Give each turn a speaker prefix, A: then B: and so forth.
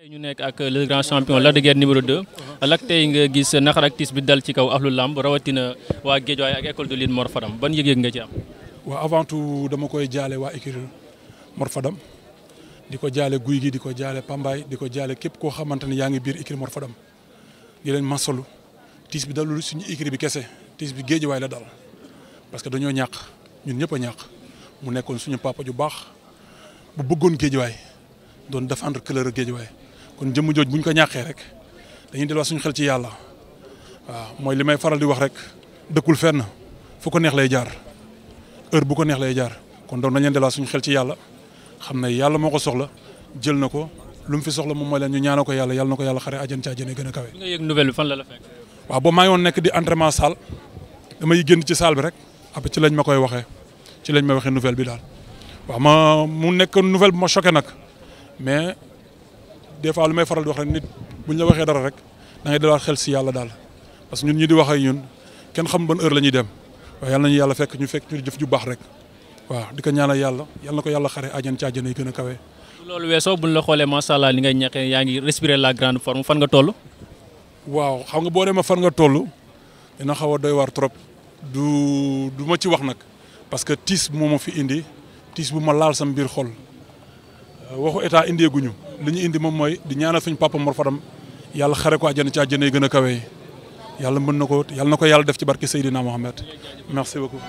A: tey ñu nekk ak le grand champion Lac de numéro 2 Lac tey nga gis naqar ak tiis bi dal ci kaw ahlu làmb rawatina waa Géejawaay ak école de Mor Fadam ban yëg-yëg nga ci am.
B: avant tout dama koy jaale waa écurie Mor Fadam di ko jaale guy gi di ko jaale Pambaay di ko jaale képp koo xamante ne yaa ngi biir écurie Mor Fadam di leen masalu tiis bi dalul suñu écurie bi kese tiis bi Géejawaay la dal parce que dañoo ñàkk ñun ñëpp a ñàkk mu nekkoon suñu papa ju baax bu bëggoon Géejawaay doon défendre couleur Géejawaay kon jëmm jooj bu ñu ko ñàkkee rek dañuy delluwaat suñu xel ci yàlla waaw mooy li may faral di wax rek dëkkul fenn fu ko neex lay jaar heure bu ko neex lay jaar kon donc nañu delluwaat suñu xel ci yàlla xam ne yàlla moo ko soxla jël na ko lu mu fi soxla moom mooy leen ñu ñaanal ko yàlla yàlla na ko yàlla xare àjjana ci àjjana gën a kawe. nga yëg nouvelle bi fan la la fekk. waaw boobu maa nekk di entraînement salle damay génn ci salle bi rek après ci lañ ma koy waxee ci lañ ma waxee nouvelle bi daal waaw ma mu des fois lumay faral di wax rek nit buñ la waxé dara rek da ngay delluwaat xel ci yalla dal parce que ñun ñi di wax ak ñun kenn xam ban heure lañuy dem wa yalla nañu yalla fekk ñu fekk ñu jëf ju bax rek wa diko ñaanal yalla yalla na yalla xaré xare ci aljana yi gëna kawé kawe. loolu
A: buñ bu ñu la xoolee macha allah li ngay ñaqee yaa ngi respirer la grande forme fan nga tollu
B: waaw xam nga bo dem fan nga tollu dina xaw doy war trop du du ma ci wax nak parce que tis moo fi indi tis bu ma laal sam bir xol waxu état indi guñu li ñu indi moom mooy di ñaanal suñu papa Mor Fadam yàlla xare ko àjjana ci àjjana yi gën a kawe yàlla mën na ko yàlla na ko yàlla def ci barke Seydina Mohamed merci beaucoup.